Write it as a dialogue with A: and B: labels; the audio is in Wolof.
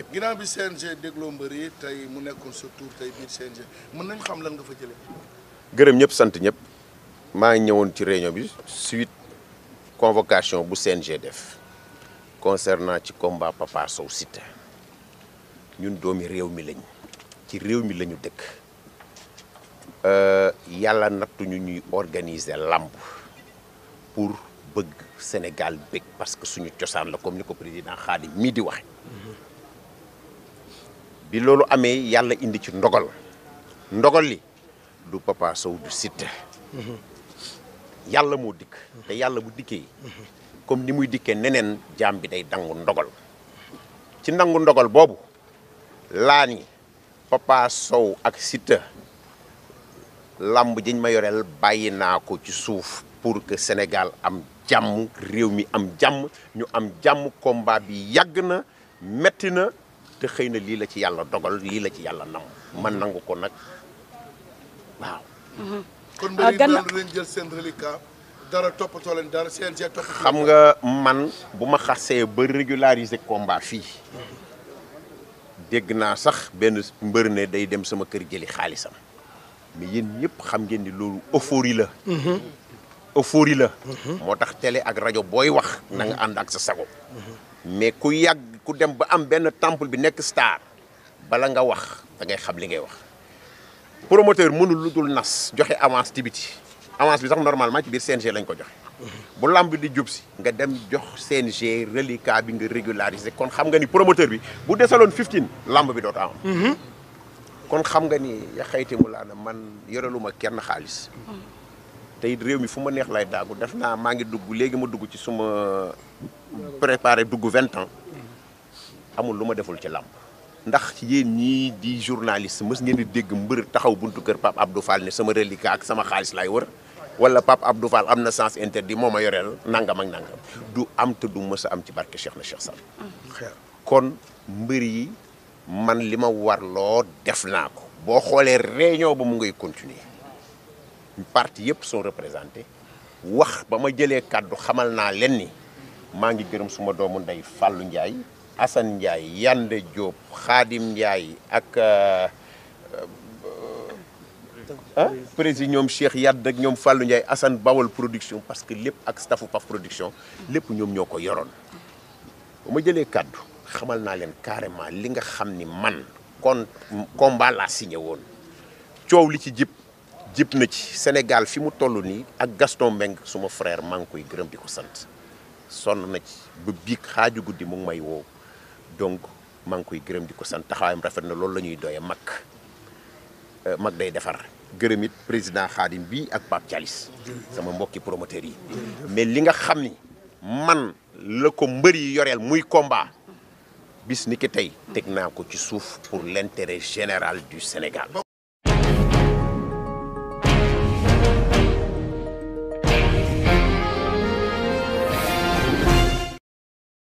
A: équipe. bi CNG
B: dégloo mbër tey mu nekkoon sa tour mën nañ xam lan nga fa jëlee. gërëm ñëpp sant ñëpp maa ngi ñëwoon ci réunion bi suite convocation bu CNG def concernant ci combat Sow Siteu ñun doomi réew mi lañ ci réew mi lañu dëkk euh, yàlla nattuñu ñuy organiser làmb pour bëgg Sénégal bëgg parce que suñu cosaan la comme ni ko président Khadim mii di waxe mhm. bi loolu amee yàlla indi ci ndogal ndogal li du Papa Sow du Siteu yàlla moo dikk te yàlla bu dikkee comme ni muy dikkee neneen jaam bi day dangu ndogal ci nangu ndogal boobu laa ni Papa Sow ak Siteu làmb jiñ ma yoreel bàyyi naa ko ci suuf pour que Sénégal am jàmm réew mi am jàmm ñu am jàmm komba bi yàgg na metti na te xëy na lii la ci yàlla dogal lii la ci yàlla nam man nangu ko nag waaw.
A: Mhm. kon ah, mbir yi du leen jël seen reliquat dara toppatoo leen dara seen topp
B: xam nga man bu ma xasee ba régulariser combat fii dégg naa sax benn mbër ne day dem sama kër jëli xaalisam mais yéen ñëpp xam ngeen ni loolu euphorie la. Mhm. euphorie la. Mhm. moo tax télé ak rajo booy wax na ànd ak sa sago. mais ku yàgg ku dem ba am benn temple bi nekk star bala nga wax da ngay xam li ngay wax promoteur mënul lu dul nas joxe avance ci biti avance bi sax normalement ci biir CNG lañ ko joxe bu lamb di jub si nga dem jox CNG reliquat bi nga régulariser kon xam nga ni promoteur bi bu desaloon 15 lamb bi dootu am mhm. kon xam nga ni ya xayti mu laa na man yorelu ma kenn xaalis mhm. tey réew mi fu ma neex lay daagu def naa maa ngi dugg léegi ma dugg ci suma préparé dugg vingt temps amul lu ma deful ci làmp ndax yéen ñii di journaliste mës ngeen di dégg mbër taxaw buntu kër Pape Abdou Fall ne sama reliquat ak sama xaalis lay wër wala Pape Abdou Fall am na sens interdit moo ma yoreel nangam ak nangam du am te du mës a am ci barke Cheikh na Cheikh Sall kon mbër yi man li ma warloo def naa ko boo xoolee réunion ba mu ngay continuer partie yëpp sont représentés wax ba ma jëlee kàddu xamal naa leen ni maa ngi gërëm suma doomu ndey Fallou Ndiaye Assane Ndiaye Yande Diop xaadim Ndiaye ak ah ñoom Cheikh Yadd ak ñoom Fallou Ndiaye Assane Bawol production parce que lépp ak staffu PAF production lépp ñoom ñoo ko yoroon ba ma jëlee kàddu xamal naa leen carrément li nga xam ni man kon combat laa signé woon coow li ci jib jib na ci Sénégal fi mu toll nii ak Gaston Mbengue suma frère maa ngi koy gërëm di ko sant sonn na ci ba biig xaaju guddi mu ngi may woo donc maa ngi koy gërëm di ko sant taxawaayam rafet na loolu la doy doyee mag euh, mag day defar gërëm it président Khadim bi ak Pape Thialis sama mbokki promoteur yi mais li nga xam ni man la ko mbër yi yoreel muy combat bis ni ki tey teg naa ko ci suuf pour l'intérêt général du Sénégal